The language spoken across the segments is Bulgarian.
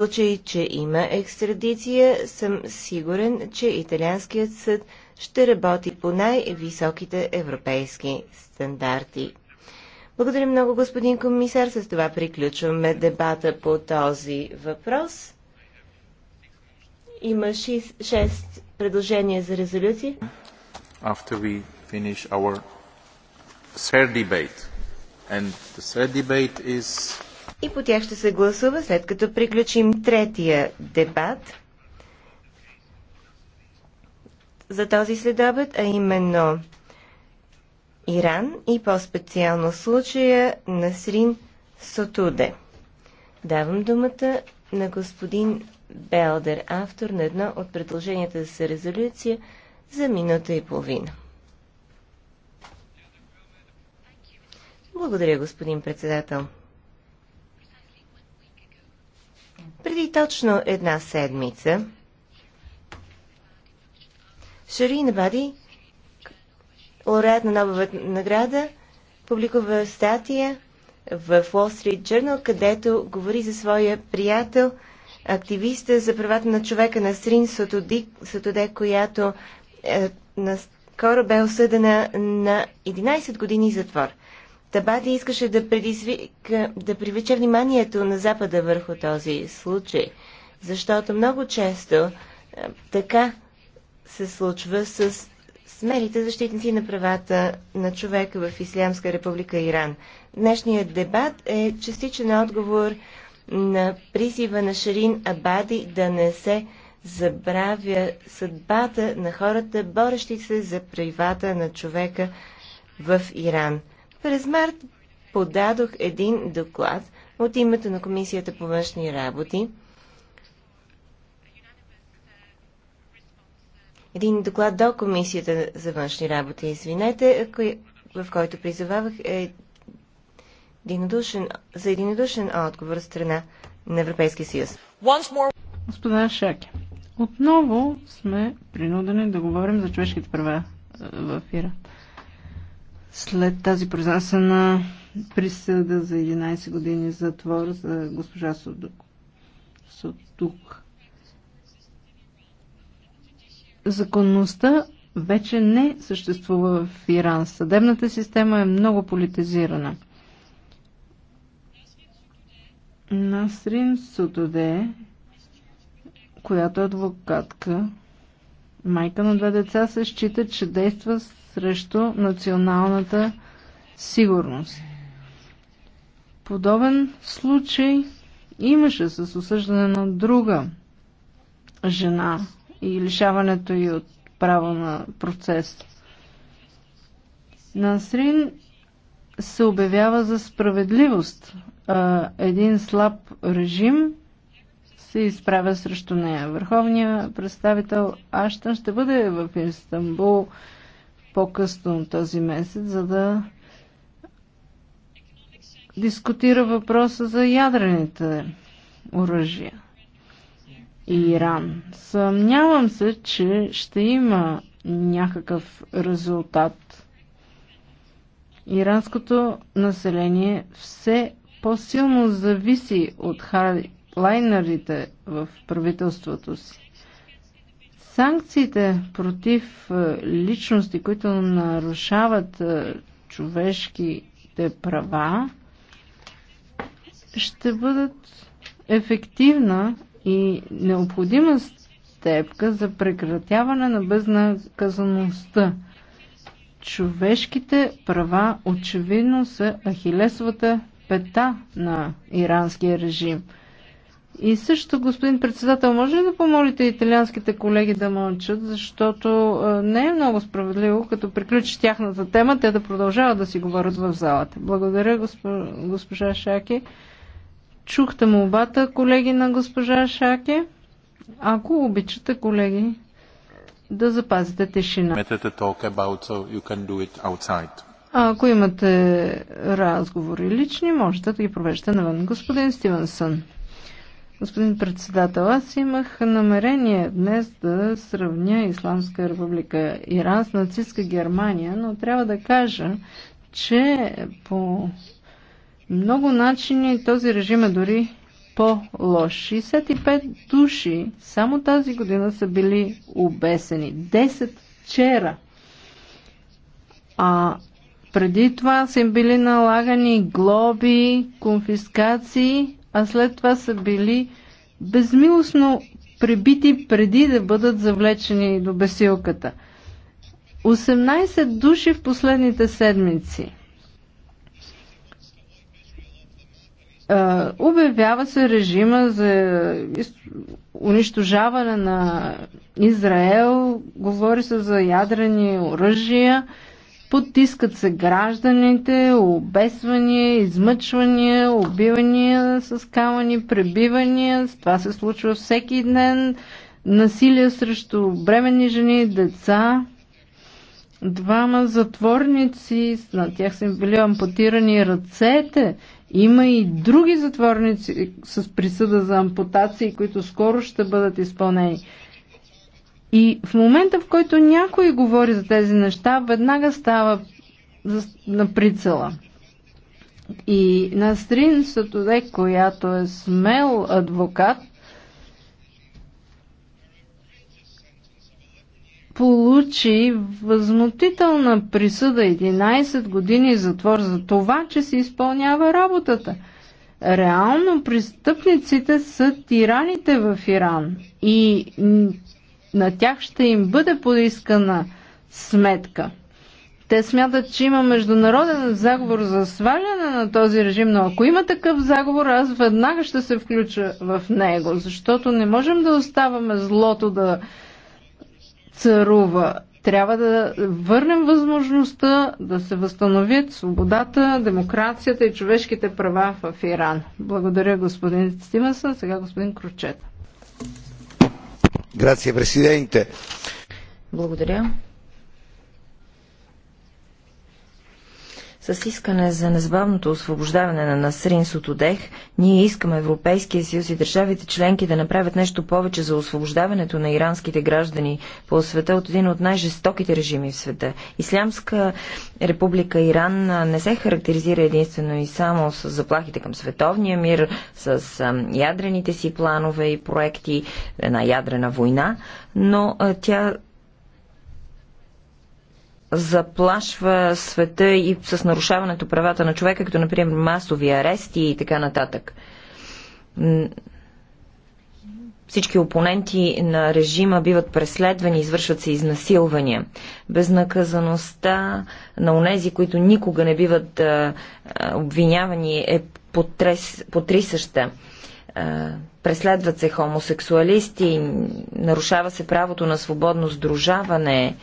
случай, че има екстрадиция, съм сигурен, че италианският съд ще работи по най-високите европейски стандарти. Благодаря много, господин комисар. С това приключваме дебата по този въпрос. Има 6 предложения за резолюции. After we finish our third debate. And the third debate is и по тях ще се гласува след като приключим третия дебат за този следобед, а именно Иран и по-специално случая Насрин Сотуде. Давам думата на господин Белдер, автор на едно от предложенията за резолюция за минута и половина. Благодаря, господин председател. Преди точно една седмица Шарина Бади, лауреат на нова награда, публикува статия в Wall Street Journal, където говори за своя приятел, активиста за правата на човека на Срин Сотоди, Сотоде, която е, скоро бе осъдена на 11 години затвор. Табади искаше да, предизвика, да привлече вниманието на Запада върху този случай, защото много често така се случва с смелите защитници на правата на човека в Ислямска република Иран. Днешният дебат е частичен отговор на призива на Шарин Абади да не се забравя съдбата на хората, борещи се за правата на човека в Иран. През март подадох един доклад от името на Комисията по външни работи. Един доклад до Комисията за външни работи, извинете, в който призовавах е единодушен, за единодушен отговор страна на Европейския съюз. Господа Шаки, отново сме принудени да говорим за човешките права е, в Иран след тази произнесена присъда за 11 години затвор за госпожа Судук. Судук. Законността вече не съществува в Иран. Съдебната система е много политизирана. Насрин Сутоде, която е адвокатка, майка на две деца се счита, че действа срещу националната сигурност. Подобен случай имаше с осъждане на друга жена и лишаването й от право на процес. Насрин се обявява за справедливост. Един слаб режим се изправя срещу нея. Върховният представител Аштан ще бъде в Истанбул по-късно този месец, за да дискутира въпроса за ядрените оръжия и Иран. Съмнявам се, че ще има някакъв резултат. Иранското население все по-силно зависи от лайнерите в правителството си. Санкциите против е, личности, които нарушават е, човешките права, ще бъдат ефективна и необходима степка за прекратяване на безнаказаността. Човешките права очевидно са ахилесовата пета на иранския режим – и също, господин председател, може ли да помолите италианските колеги да мълчат, защото не е много справедливо, като приключи тяхната тема, те да продължават да си говорят в залата. Благодаря, госпожа, Шаки. Чухте му обата, колеги на госпожа Шаки. Ако обичате, колеги, да запазите тишина. А ако имате разговори лични, можете да ги провеждате навън. Господин Стивенсън. Господин председател, аз имах намерение днес да сравня Исламска република Иран с нацистска Германия, но трябва да кажа, че по много начини този режим е дори по-лош. 65 души само тази година са били обесени. 10 вчера. А преди това са им били налагани глоби, конфискации а след това са били безмилостно прибити преди да бъдат завлечени до бесилката. 18 души в последните седмици. обявява се режима за унищожаване на Израел, говори се за ядрени оръжия. Потискат се гражданите, обесвания, измъчвания, убивания с камъни, пребивания. Това се случва всеки ден. Насилие срещу бременни жени, деца. Двама затворници, на тях са били ампутирани ръцете. Има и други затворници с присъда за ампутации, които скоро ще бъдат изпълнени. И в момента, в който някой говори за тези неща, веднага става на прицела. И Насрин Сатуде, която е смел адвокат, получи възмутителна присъда 11 години затвор за това, че се изпълнява работата. Реално престъпниците са тираните в Иран и на тях ще им бъде поискана сметка. Те смятат, че има международен заговор за сваляне на този режим, но ако има такъв заговор, аз веднага ще се включа в него, защото не можем да оставаме злото да царува. Трябва да върнем възможността да се възстановят свободата, демокрацията и човешките права в Иран. Благодаря господин Стимаса. сега господин Кручета. Грация, президенте. Благодаря. С искане за незабавното освобождаване на Насрин Сотодех, ние искаме Европейския съюз и държавите членки да направят нещо повече за освобождаването на иранските граждани по света от един от най-жестоките режими в света. Ислямска република Иран не се характеризира единствено и само с заплахите към световния мир, с ядрените си планове и проекти, една ядрена война, но тя заплашва света и с нарушаването правата на човека, като например масови арести и така нататък. Всички опоненти на режима биват преследвани, извършват се изнасилвания. Безнаказаността на онези, които никога не биват а, обвинявани, е потрес, потрисъща. А, преследват се хомосексуалисти, нарушава се правото на свободно сдружаване, а,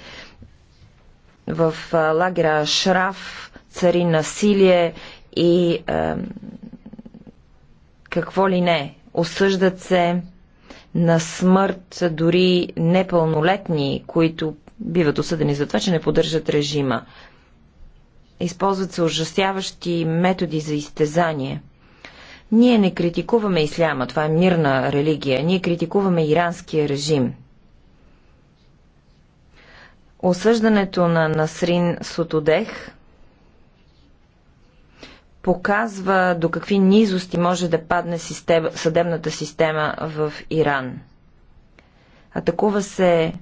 в лагера Шраф цари насилие и е, какво ли не. Осъждат се на смърт дори непълнолетни, които биват осъдени за това, че не поддържат режима. Използват се ужасяващи методи за изтезание. Ние не критикуваме исляма, това е мирна религия. Ние критикуваме иранския режим. Осъждането на Насрин Сотодех показва до какви низости може да падне система, съдебната система в Иран. Атакува се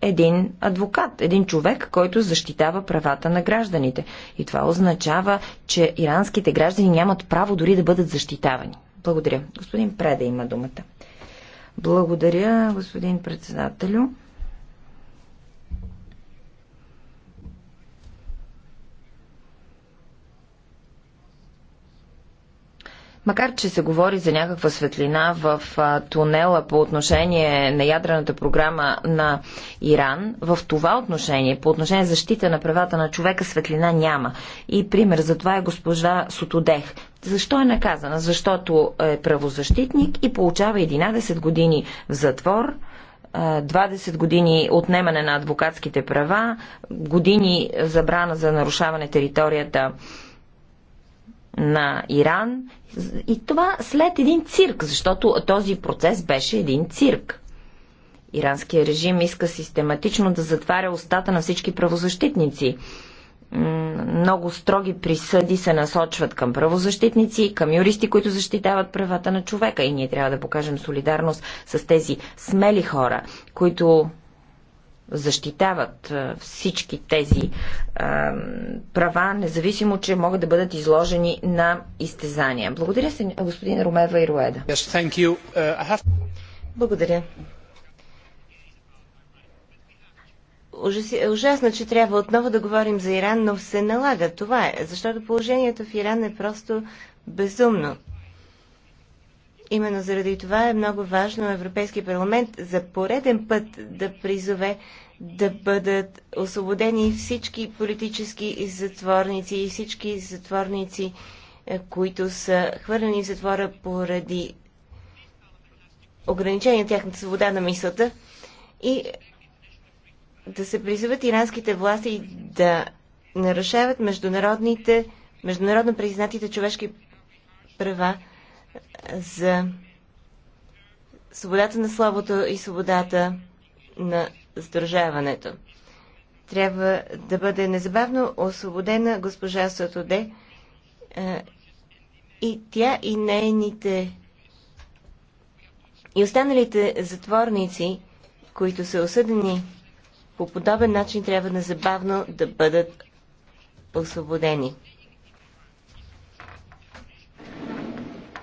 един адвокат, един човек, който защитава правата на гражданите. И това означава, че иранските граждани нямат право дори да бъдат защитавани. Благодаря. Господин Преда има думата. Благодаря, господин председателю. Макар, че се говори за някаква светлина в тунела по отношение на ядрената програма на Иран, в това отношение, по отношение за защита на правата на човека, светлина няма. И пример за това е госпожа Сотодех. Защо е наказана? Защото е правозащитник и получава 11 години в затвор, 20 години отнемане на адвокатските права, години забрана за нарушаване територията на Иран. И това след един цирк, защото този процес беше един цирк. Иранският режим иска систематично да затваря устата на всички правозащитници. Много строги присъди се насочват към правозащитници, към юристи, които защитават правата на човека. И ние трябва да покажем солидарност с тези смели хора, които защитават всички тези а, права, независимо, че могат да бъдат изложени на изтезания. Благодаря се, господин Ромева и Роеда. Yes, uh, have... Благодаря. Ужасно, че трябва отново да говорим за Иран, но се налага. Това е, защото положението в Иран е просто безумно. Именно заради това е много важно Европейския парламент за пореден път да призове да бъдат освободени всички политически затворници и всички затворници, е, които са хвърлени в затвора поради ограничение на тяхната свобода на мисълта и да се призоват иранските власти да нарушават международните, международно признатите човешки права за свободата на словото и свободата на сдружаването. Трябва да бъде незабавно освободена госпожа Сатоде е, и тя и нейните и останалите затворници, които са осъдени по подобен начин, трябва незабавно да бъдат освободени.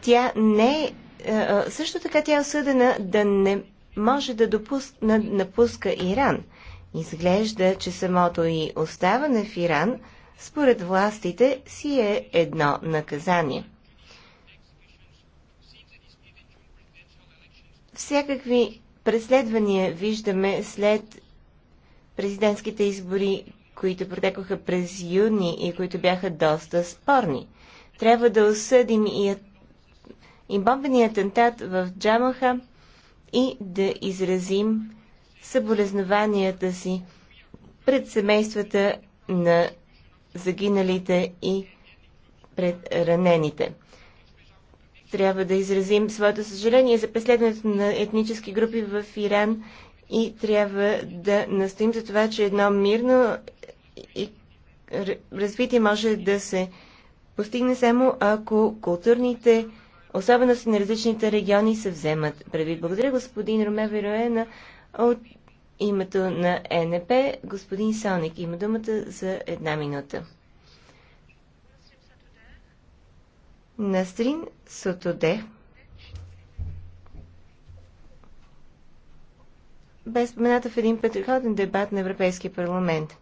Тя не е, е, също така тя е осъдена да не може да допусна, напуска Иран. Изглежда, че самото и оставане в Иран, според властите, си е едно наказание. Всякакви преследвания виждаме след президентските избори, които протекоха през юни и които бяха доста спорни. Трябва да осъдим и и бомбения атентат в Джамаха и да изразим съболезнованията си пред семействата на загиналите и пред ранените. Трябва да изразим своето съжаление за преследването на етнически групи в Иран и трябва да настоим за това, че едно мирно развитие може да се постигне само ако културните особености на различните региони се вземат прави. Благодаря господин Роме Вероена от името на ЕНП. Господин Соник има думата за една минута. Настрин Сотоде. Бе спомената в един предходен дебат на Европейския парламент.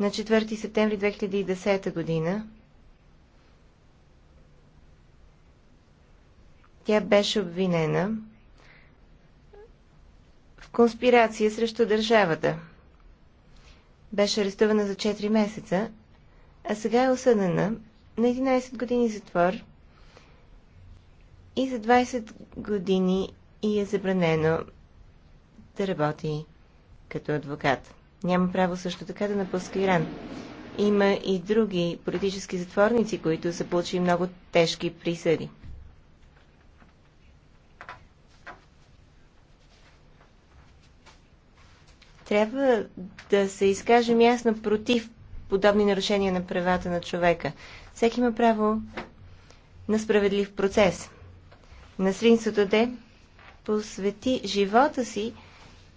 На 4 септември 2010 година тя беше обвинена в конспирация срещу държавата. Беше арестувана за 4 месеца, а сега е осъдена на 11 години затвор и за 20 години и е забранено да работи като адвокат. Няма право също така да напуска Иран. Има и други политически затворници, които са получили много тежки присъди. Трябва да се изкажем ясно против подобни нарушения на правата на човека. Всеки има право на справедлив процес. Насрин де посвети живота си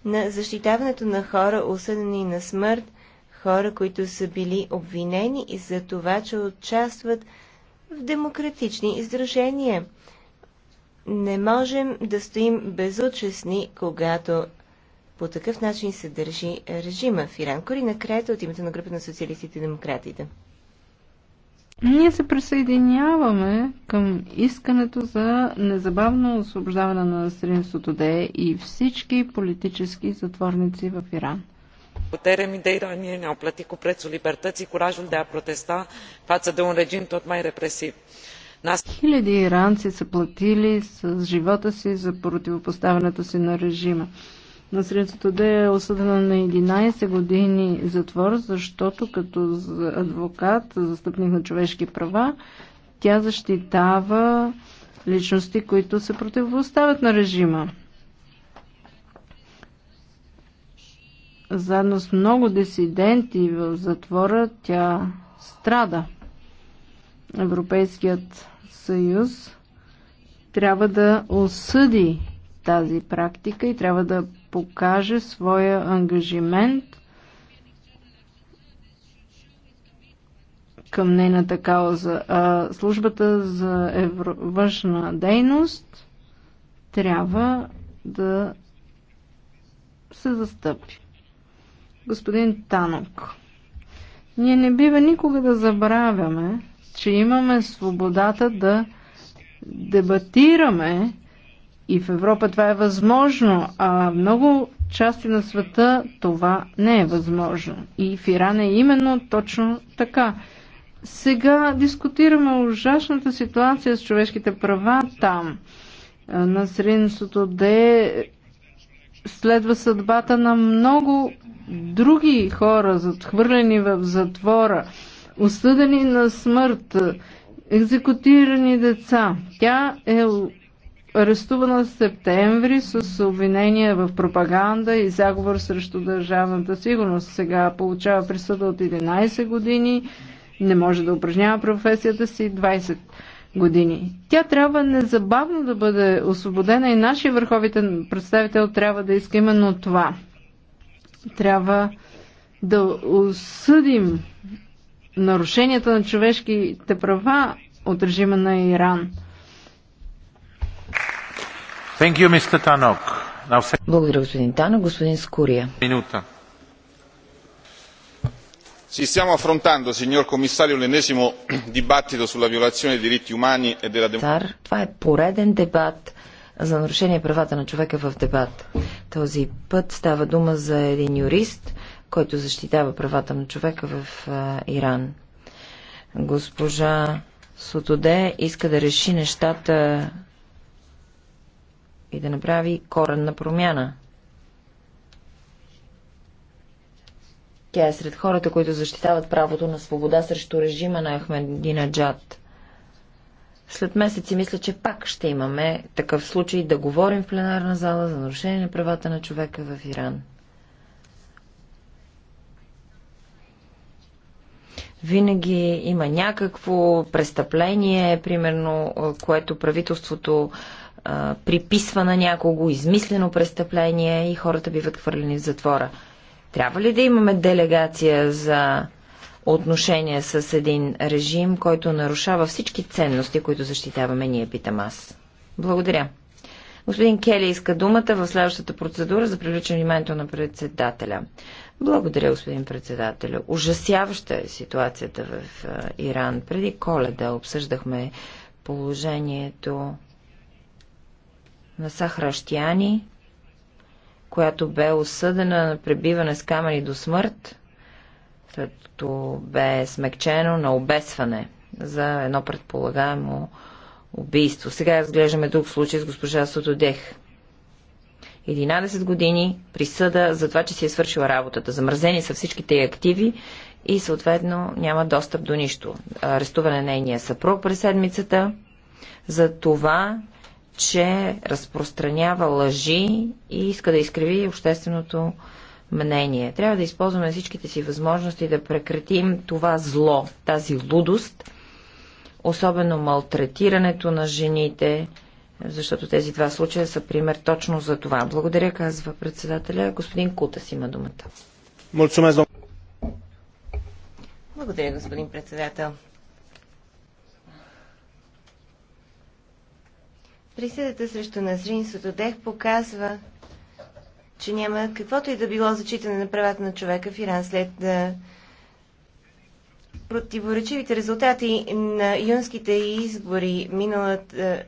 на защитаването на хора, осъдени на смърт, хора, които са били обвинени и за това, че участват в демократични издружения. Не можем да стоим безучестни, когато по такъв начин се държи е, режима в Иран. Кори накрая от името на група на социалистите и демократите. Ние се присъединяваме към искането за незабавно освобождаване на Срин де и всички политически затворници в Иран. Putere mii de iranieni au plătit cu prețul libertății curajul de a protesta față de un regim tot mai represiv. Хиляди иранци са платили с живота си за противопоставянето си на режима на средството да е осъдена на 11 години затвор, защото като адвокат, застъпник на човешки права, тя защитава личности, които се противоставят на режима. Заедно с много дисиденти в затвора тя страда. Европейският съюз трябва да осъди тази практика и трябва да покаже своя ангажимент към нейната кауза. А службата за евро... външна дейност трябва да се застъпи. Господин Танок, ние не бива никога да забравяме, че имаме свободата да дебатираме и в Европа това е възможно, а много части на света това не е възможно. И в Иран е именно точно така. Сега дискутираме ужасната ситуация с човешките права там. Насринството де следва съдбата на много други хора, задхвърлени в затвора, осъдени на смърт, екзекутирани деца. Тя е арестувана в септември с обвинения в пропаганда и заговор срещу държавната сигурност. Сега получава присъда от 11 години, не може да упражнява професията си 20 години. Тя трябва незабавно да бъде освободена и нашия върховитен представител трябва да иска именно това. Трябва да осъдим нарушенията на човешките права от режима на Иран – You, Благодаря, господин Танок. Господин Скурия. Минута. stiamo affrontando, signor commissario, l'ennesimo dibattito sulla violazione dei diritti umani e della democrazia. Това е пореден дебат за нарушение правата на човека в дебат. Този път става дума за един юрист, който защитава правата на човека в Иран. Госпожа Сотоде иска да реши нещата и да направи коренна промяна. Тя е сред хората, които защитават правото на свобода срещу режима на Ахмедина Джад. След месеци мисля, че пак ще имаме такъв случай да говорим в пленарна зала за нарушение на правата на човека в Иран. Винаги има някакво престъпление, примерно, което правителството а, приписва на някого измислено престъпление и хората биват хвърлени в затвора. Трябва ли да имаме делегация за отношение с един режим, който нарушава всички ценности, които защитаваме ние, питам аз? Благодаря. Господин Кели иска думата в следващата процедура за привличане вниманието на председателя. Благодаря, господин председателя. Ужасяваща е ситуацията в Иран. Преди коледа обсъждахме положението на Сахращияни, която бе осъдена на пребиване с камъни до смърт, като бе смекчено на обесване за едно предполагаемо убийство. Сега разглеждаме друг случай с госпожа Сотодех. 11 години присъда за това, че си е свършила работата. Замразени са всичките й активи и съответно няма достъп до нищо. Арестуване на нейния съпруг през седмицата за това, че разпространява лъжи и иска да изкриви общественото мнение. Трябва да използваме всичките си възможности да прекратим това зло, тази лудост, особено малтретирането на жените, защото тези два случая са пример точно за това. Благодаря, казва председателя. Господин Кутас има думата. Благодаря, господин председател. Присъдата срещу Назрин Сотодех показва, че няма каквото и да било зачитане на правата на човека в Иран след да противоречивите резултати на юнските избори миналата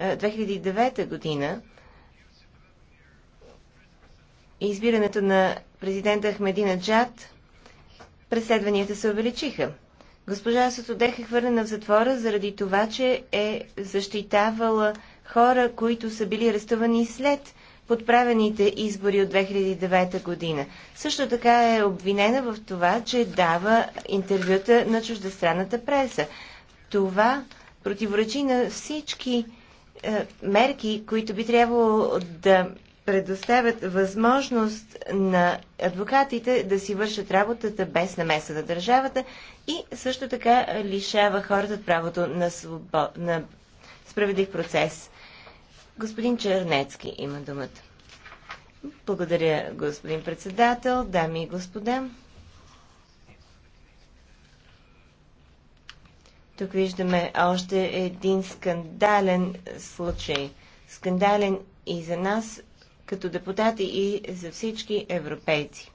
2009 година и избирането на президента Ахмедина Джад, преследванията се увеличиха. Госпожа Сотодех е хвърлена в затвора заради това, че е защитавала хора, които са били арестувани след подправените избори от 2009 година. Също така е обвинена в това, че дава интервюта на чуждестранната преса. Това противоречи на всички е, мерки, които би трябвало да предоставят възможност на адвокатите да си вършат работата без намеса на държавата и също така лишава хората от правото на, свобод... на справедлив процес. Господин Чернецки има думата. Благодаря, господин председател, дами и господа. Тук виждаме още един скандален случай. Скандален и за нас, като депутати и за всички европейци.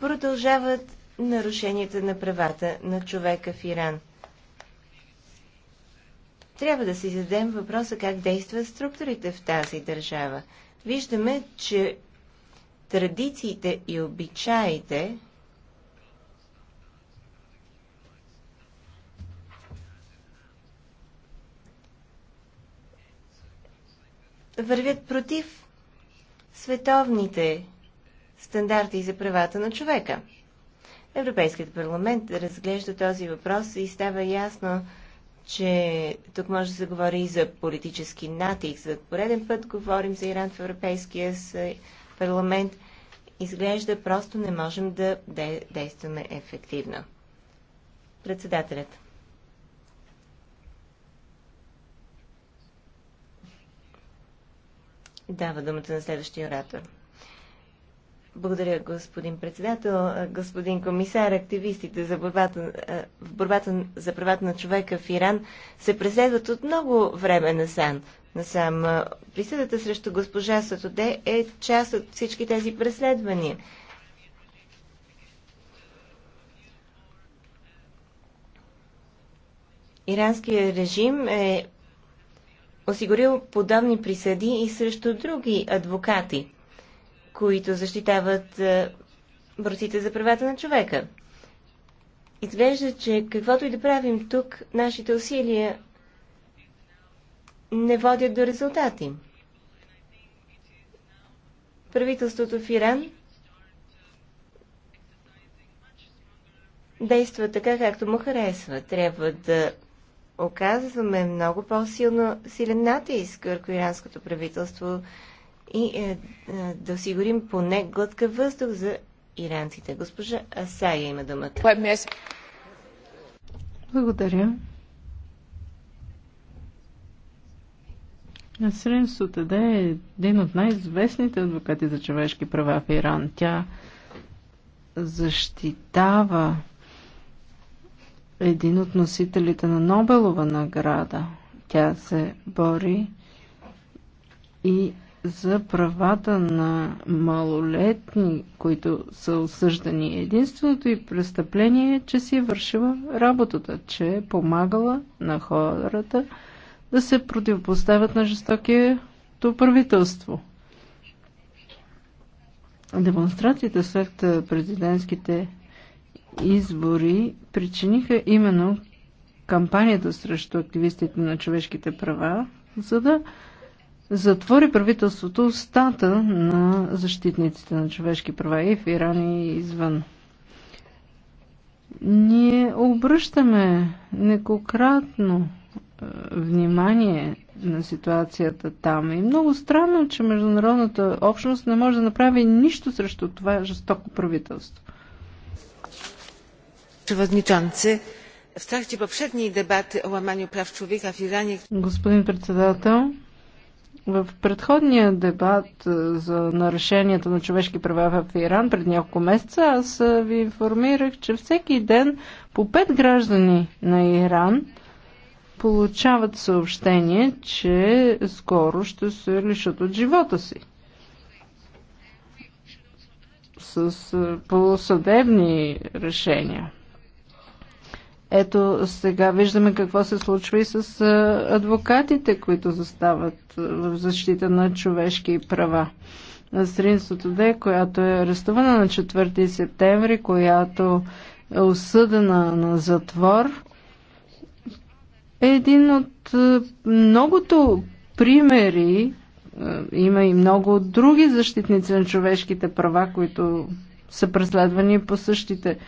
Продължават нарушенията на правата на човека в Иран. Трябва да си зададем въпроса как действат структурите в тази държава. Виждаме, че традициите и обичаите вървят против световните стандарти за правата на човека. Европейският парламент разглежда този въпрос и става ясно, че тук може да се говори и за политически натиск. За пореден път говорим за Иран в Европейския парламент. Изглежда просто не можем да действаме ефективно. Председателят. дава думата на следващия оратор. Благодаря, господин председател. Господин комисар, активистите за борбата, в борбата за правата на човека в Иран се преследват от много време насам. насам. Присъдата срещу госпожа Сатоде е част от всички тези преследвания. Иранският режим е осигурил подобни присъди и срещу други адвокати, които защитават е, борците за правата на човека. Изглежда, че каквото и да правим тук, нашите усилия не водят до резултати. Правителството в Иран действа така, както му харесва. Трябва да оказваме много по-силно силен натиск върху иранското правителство и е, е, да осигурим поне глътка въздух за иранците. Госпожа Асая има думата. Благодаря. Насрин Сутаде е един от най-известните адвокати за човешки права в Иран. Тя защитава един от носителите на Нобелова награда. Тя се бори и за правата на малолетни, които са осъждани. Единственото и престъпление е, че си е вършила работата, че е помагала на хората да се противопоставят на жестокието правителство. Демонстрациите след президентските избори причиниха именно кампанията срещу активистите на човешките права, за да затвори правителството стата на защитниците на човешки права и в Иран и извън. Ние обръщаме неколкратно е, внимание на ситуацията там. И много странно, че международната общност не може да направи нищо срещу това жестоко правителство w trakcie poprzedniej debaty o łamaniu praw człowieka w Iranie... Господин председател, в предходния дебат е, за нарушенията на човешки права в Иран пред няколко месеца аз е, ви информирах, че всеки ден по пет граждани на Иран получават съобщение, че скоро ще се лишат от живота си. С е, полусъдебни решения. Ето сега виждаме какво се случва и с адвокатите, които застават в защита на човешки права. Срин Сотоде, която е арестувана на 4 септември, която е осъдена на затвор, е един от многото примери, има и много други защитници на човешките права, които са преследвани по същите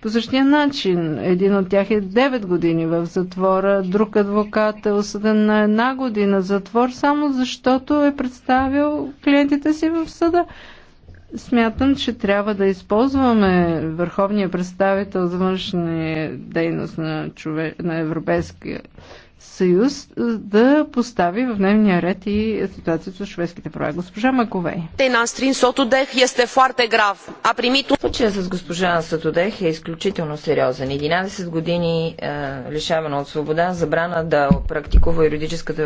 по същия начин. Един от тях е 9 години в затвора, друг адвокат е осъден на една година затвор, само защото е представил клиентите си в съда. Смятам, че трябва да използваме Върховния представител за външна дейност на, човек, на Европейския съюз е, да постави в дневния ред и ситуацията с шведските права. Госпожа Маковей. Астрин Сотодех este foarte grav. A primit... Случая с госпожа Сотодех е изключително сериозен. 11 години е, лишавана от свобода, забрана да практикува юридическата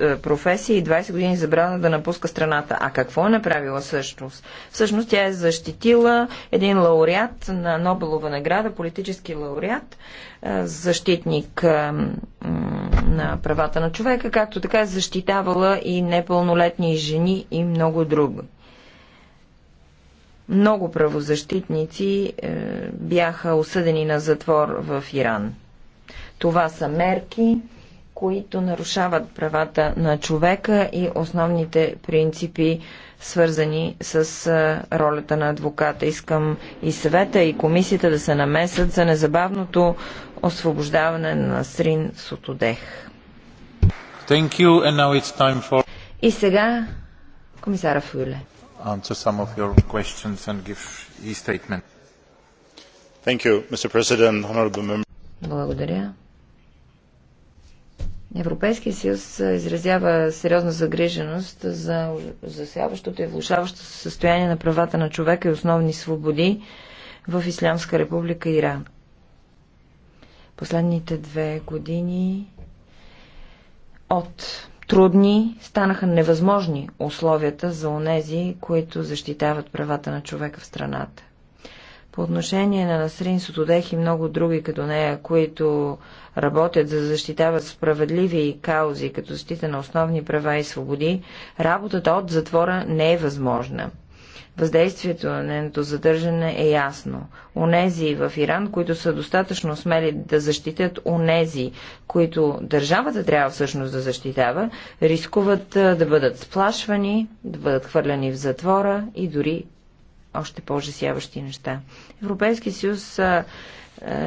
е, професия и 20 години забрана да напуска страната. А какво е направила всъщност? Всъщност тя е защитила един лауреат на Нобелова награда, политически лауреат, е, защитник на правата на човека, както така защитавала и непълнолетни жени и много друго. Много правозащитници е, бяха осъдени на затвор в Иран. Това са мерки, които нарушават правата на човека и основните принципи, свързани с е, ролята на адвоката. Искам и съвета, и комисията да се намесат за незабавното освобождаване на Срин Сотодех. For... И сега комисара Фюле. You, Благодаря. Европейския съюз изразява сериозна загриженост за засяващото и влушаващо състояние на правата на човека и основни свободи в Ислямска република Иран. Последните две години от трудни станаха невъзможни условията за онези, които защитават правата на човека в страната. По отношение на Насрин Сотодех и много други като нея, които работят за да защитават справедливи каузи като защита на основни права и свободи, работата от затвора не е възможна. Въздействието на нейното задържане е ясно. Онези в Иран, които са достатъчно смели да защитят онези, които държавата трябва всъщност да защитава, рискуват да бъдат сплашвани, да бъдат хвърляни в затвора и дори още по-жесяващи неща. Европейски съюз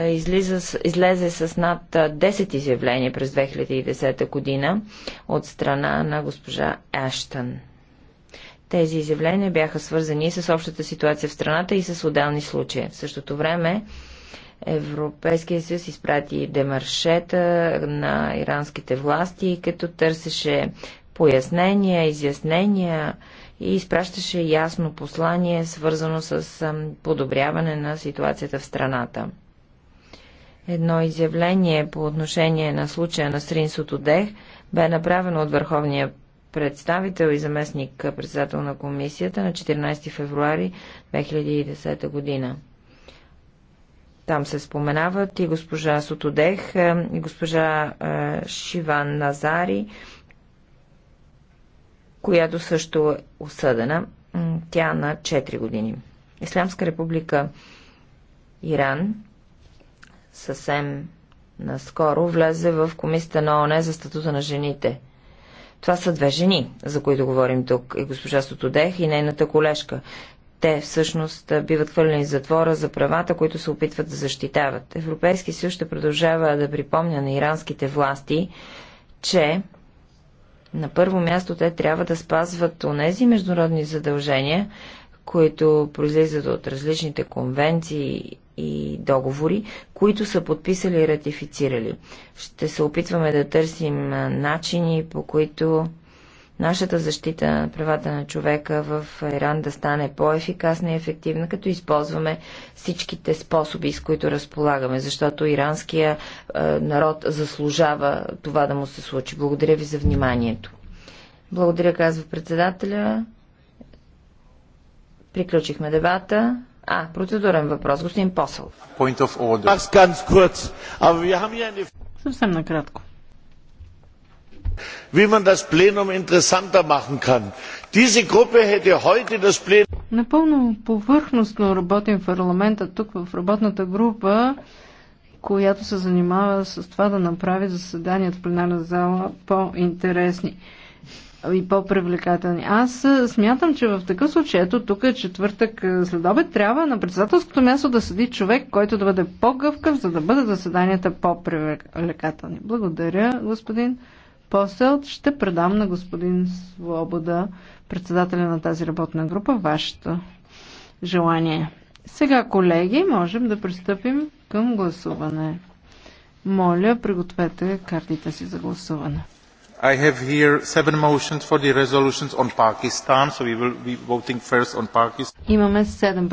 излиза, излезе с над 10 изявления през 2010 година от страна на госпожа Аштън. Тези изявления бяха свързани с общата ситуация в страната и с отделни случаи. В същото време Европейския съюз изпрати демаршета на иранските власти, като търсеше пояснения, изяснения и изпращаше ясно послание, свързано с подобряване на ситуацията в страната. Едно изявление по отношение на случая на Срин Сотодех бе направено от върховния представител и заместник председател на комисията на 14 февруари 2010 година. Там се споменават и госпожа Сотодех, е, и госпожа е, Шиван Назари, която също е осъдена. Тя на 4 години. Ислямска република Иран съвсем наскоро влезе в комисията на ОНЕ за статута на жените – това са две жени, за които говорим тук, и госпожа Сотодех и нейната колежка. Те всъщност биват хвърлени в затвора за правата, които се опитват да защитават. Европейски съюз ще продължава да припомня на иранските власти, че на първо място те трябва да спазват онези международни задължения, които произлизат от различните конвенции и договори, които са подписали и ратифицирали. Ще се опитваме да търсим начини, по които нашата защита на правата на човека в Иран да стане по-ефикасна и ефективна, като използваме всичките способи, с които разполагаме, защото иранския е, народ заслужава това да му се случи. Благодаря ви за вниманието. Благодаря, казва председателя. Приключихме дебата. А, процедурен въпрос. Господин Посъл. Съвсем накратко. Wie man das Plenum interessanter machen kann. Diese Gruppe hätte heute das Plenum. Напълно повърхностно работим в парламента, тук в работната група, която се занимава с това да направи заседанието в пленарна зала по-интересни и по-привлекателни. Аз е, смятам, че в такъв случай, ето тук е четвъртък е, след обед, трябва на председателското място да седи човек, който да бъде по-гъвкав, за да бъдат заседанията по-привлекателни. Благодаря, господин Поселт. Ще предам на господин Свобода, председателя на тази работна група, вашето желание. Сега, колеги, можем да пристъпим към гласуване. Моля, пригответе картите си за гласуване. I have here seven motions for the resolutions on Pakistan, so we will be voting first on Pakistan.